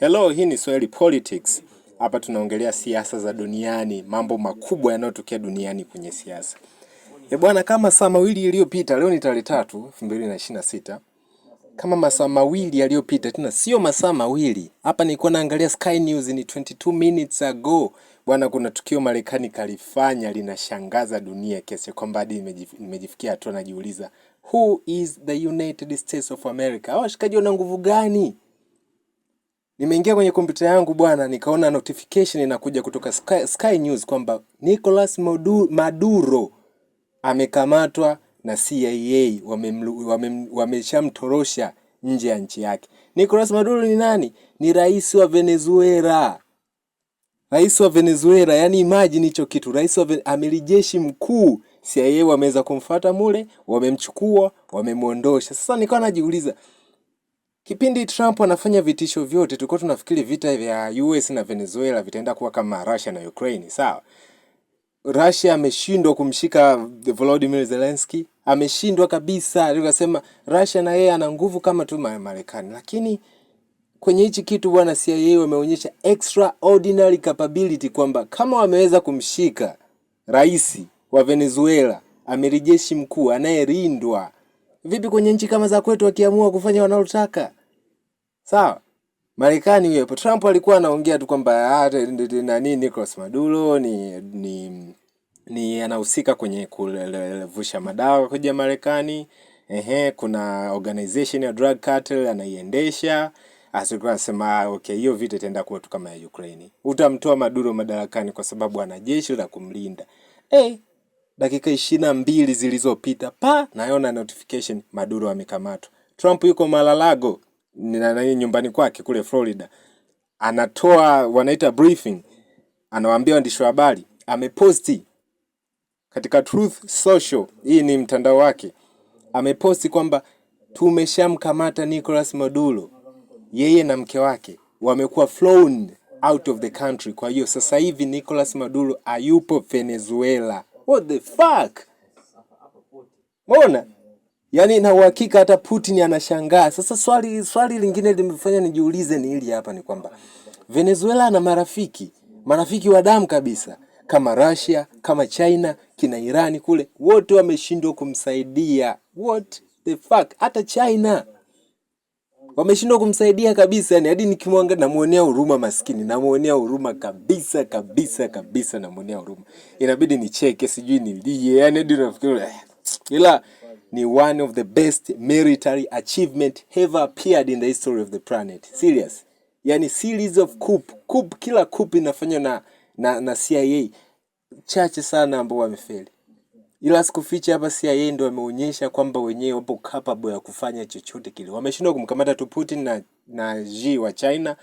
Hello, hii ni Swahili Politics. Hapa tunaongelea siasa za duniani, mambo makubwa yanayotokea duniani kwenye siasa. E bwana, kama saa mawili iliyopita, leo ni tarehe tatu elfu mbili na ishirini na sita kama masaa mawili yaliyopita, tena sio masaa mawili. Hapa nilikuwa naangalia Sky News ni 22 minutes ago bwana, kuna tukio Marekani kalifanya linashangaza dunia kiasi kwamba hadi nimejifikia hatua najiuliza who is the United States of America? Hao washikaji wana nguvu gani? Nimeingia kwenye kompyuta yangu bwana, nikaona notification inakuja kutoka Sky, Sky News kwamba Nicolas Maduro amekamatwa na CIA, wameshamtorosha wame, wame nje ya nchi yake. Nicolas Maduro ni nani? Ni rais wa Venezuela, rais wa Venezuela. Yani imagine hicho kitu, rais wa amiri jeshi mkuu CIA wameweza kumfata mule, wamemchukua, wamemwondosha. Sasa nikawa najiuliza Kipindi Trump anafanya vitisho vyote, tulikuwa tunafikiri vita vya US na Venezuela vitaenda kuwa kama Russia na Ukraine, sawa? Russia ameshindwa kumshika Volodymyr Zelensky, ameshindwa kabisa. Tukasema Russia na yeye ana nguvu kama tu Marekani, lakini kwenye hichi kitu bwana, CIA wameonyesha extraordinary capability kwamba kama wameweza kumshika rais wa Venezuela, amiri jeshi mkuu anayerindwa Vipi kwenye nchi kama za kwetu wakiamua kufanya wanaotaka? Sawa. Marekani huyo hapo Trump alikuwa anaongea tu kwamba ah, nani Nicolas Maduro ni ni ni anahusika kwenye kulevusha madawa kuja Marekani. Ehe, kuna organization ya drug cartel anaiendesha. Asikuwa anasema ah, okay, hiyo vita itaenda kuwa tu kama ya Ukraine. Utamtoa Maduro madarakani kwa sababu ana jeshi la kumlinda. Eh, hey dakika ishirini na mbili zilizopita pa naona notification Maduro amekamatwa. Trump yuko Malalago nyumbani kwake kule Florida, anatoa wanaita briefing, anawaambia waandishi wa habari ameposti katika Truth Social, hii ni mtandao wake, ameposti kwamba tumeshamkamata Nicolas Maduro, yeye na mke wake wamekuwa flown out of the country. Kwa hiyo sasa hivi Nicolas Maduro hayupo Venezuela. What the fuck? Mbona yani, na uhakika hata Putin anashangaa. Sasa swali swali lingine limefanya nijiulize ni hili hapa ni kwamba Venezuela ana marafiki, marafiki wa damu kabisa kama Russia, kama China, kina Irani kule, wote wameshindwa kumsaidia. What the fuck? Hata China wameshindwa kumsaidia kabisa, yani hadi nikimwangalia namuonea huruma maskini, namuonea huruma kabisa kabisa kabisa, namuonea huruma, inabidi nicheke, sijui nilie, yani hadi nafikiri eh, ila ni one of the best military achievement ever appeared in the history of the planet. Serious. Yani series of coup. Coup, kila coup inafanywa na, na, na CIA chache sana ambao wamefeli. Ila sikuficha hapa CIA ndio wameonyesha kwamba wenyewe wapo capable ya kufanya chochote kile. Wameshindwa kumkamata tu Putin na na Xi wa China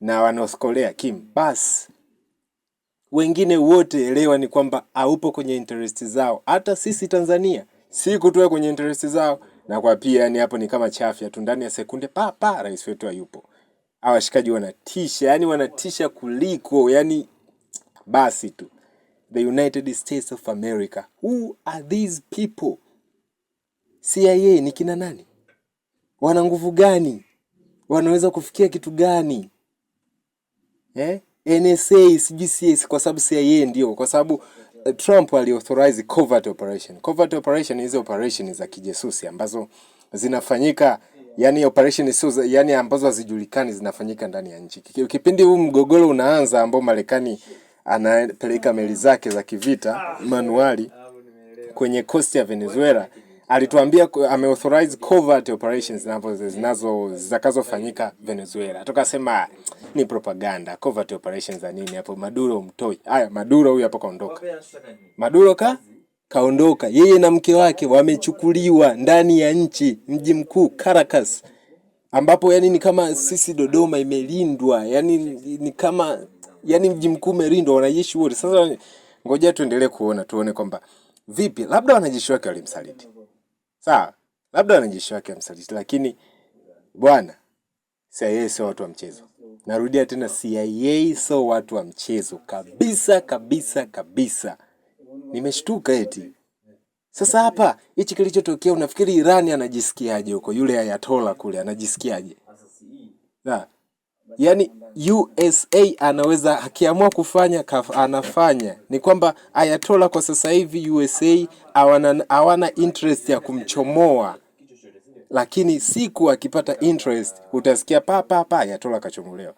na wa North Korea Kim. Bas. Wengine wote elewa ni kwamba haupo kwenye interest zao. Hata sisi Tanzania si kutoa kwenye interest zao na kwa pia yani hapo ni kama chafya tu ndani ya sekunde pa pa rais wetu hayupo. Hawa washikaji wanatisha, yani wanatisha kuliko yani basi tu the United States of America. Who are these people? CIA ni kina nani? Wana nguvu gani? Wanaweza kufikia kitu gani? Eh? NSA sijui CS kwa sababu CIA ndio kwa sababu eh, Trump aliauthorize covert operation. Covert operation hizo operation za kijesusi ambazo zinafanyika yani operation sio yani ambazo hazijulikani zinafanyika ndani ya nchi. Kipindi huu mgogoro unaanza ambao Marekani anapeleka meli zake za kivita manuali kwenye coast ya Venezuela alituambia ameauthorize covert operations zinazo zitakazofanyika Venezuela. Tukasema ni propaganda, covert operations za nini hapo? Maduro mtoi. Haya, Maduro huyu hapo kaondoka. Maduro ka kaondoka, yeye na mke wake wamechukuliwa ndani ya nchi, mji mkuu Caracas, ambapo yani ni kama sisi Dodoma imelindwa, yani ni kama yani mji mkuu Merindo wanajeshi wote. Sasa ngoja tuendelee kuona tuone kwamba vipi, labda wanajeshi wake walimsaliti, sawa, labda wanajeshi wake walimsaliti, lakini bwana, CIA sio watu wa mchezo. Narudia tena, CIA sio watu wa mchezo kabisa kabisa kabisa. Nimeshtuka eti sasa hapa hichi kilichotokea, unafikiri Irani anajisikiaje huko? Yule Ayatola kule anajisikiaje? yani USA anaweza akiamua kufanya kaf, anafanya. Ni kwamba Ayatola kwa sasa hivi USA hawana hawana interest ya kumchomoa, lakini siku akipata interest utasikia pa pa pa Ayatola kachomolewa.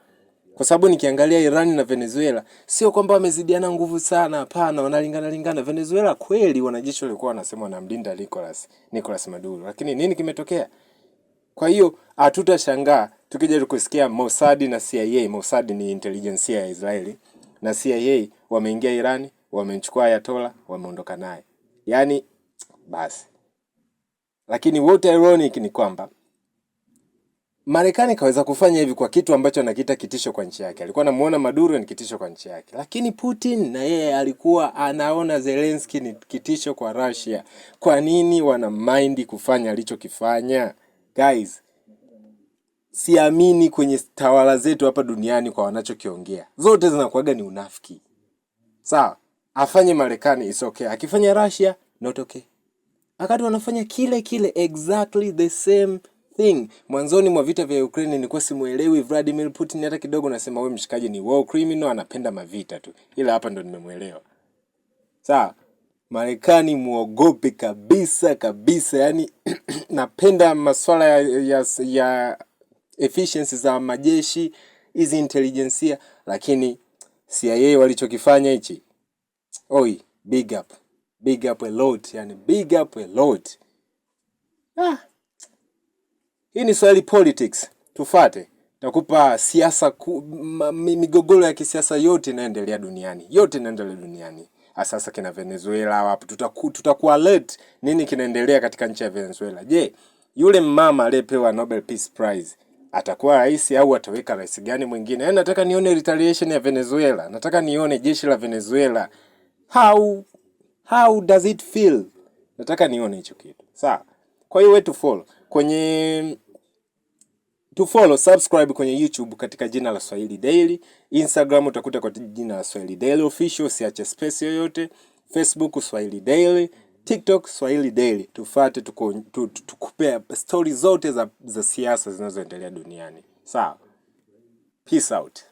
Kwa sababu nikiangalia Iran na Venezuela sio kwamba wamezidiana nguvu sana, hapana, wanalingana lingana. Venezuela kweli wanajeshi walikuwa wanasema wanamlinda Nicolas Nicolas Maduro, lakini nini kimetokea? Kwa hiyo hatutashangaa tukija kusikia Mossad na CIA. Mossad ni intelligence ya Israeli na CIA wameingia Irani, wamemchukua Ayatollah, wameondoka naye, yaani basi. Lakini what ironic ni kwamba Marekani kaweza kufanya hivi kwa kitu ambacho anakiita kitisho kwa nchi yake. Alikuwa anamuona Maduro ni kitisho kwa nchi yake, lakini Putin na yeye alikuwa anaona Zelensky ni kitisho kwa Russia. Kwa nini wana mind kufanya alichokifanya? Guys, siamini kwenye tawala zetu hapa duniani kwa wanachokiongea, zote zinakuwaga ni unafiki. Sawa, afanye Marekani is okay, akifanya Russia not okay, wakati wanafanya kile kile exactly the same thing. Mwanzoni mwa vita vya Ukraine nilikuwa simuelewi Vladimir Putin hata kidogo, nasema wewe mshikaji ni war criminal, anapenda mavita tu, ila hapa ndo nimemwelewa. Sawa. Marekani muogope kabisa kabisa, yani napenda masuala ya, ya, ya efficiency za majeshi hizi intelijensia, lakini CIA walichokifanya hichi, oi, big up big up a lot, yani big up a lot. Ah, hii ni Swahili politics, tufate takupa siasa migogoro ya kisiasa yote inaendelea duniani, yote inaendelea duniani sasa kina Venezuela wapo tutaku, tutakuwa alert nini kinaendelea katika nchi ya Venezuela. Je, yule mama aliyepewa Nobel Peace Prize atakuwa rais au ataweka rais gani mwingine? Yaani nataka nione retaliation ya Venezuela, nataka nione jeshi la Venezuela. How how does it feel? Nataka nione hicho kitu. Sawa. Kwa hiyo wetu follow kwenye to follow subscribe kwenye YouTube katika jina la Swahili Daily, Instagram utakuta kwa jina la Swahili Daily Official, usiache space yoyote, Facebook Swahili Daily, TikTok Swahili Daily. Tufate tukupea stori zote za, za siasa zinazoendelea duniani. Sawa, peace out.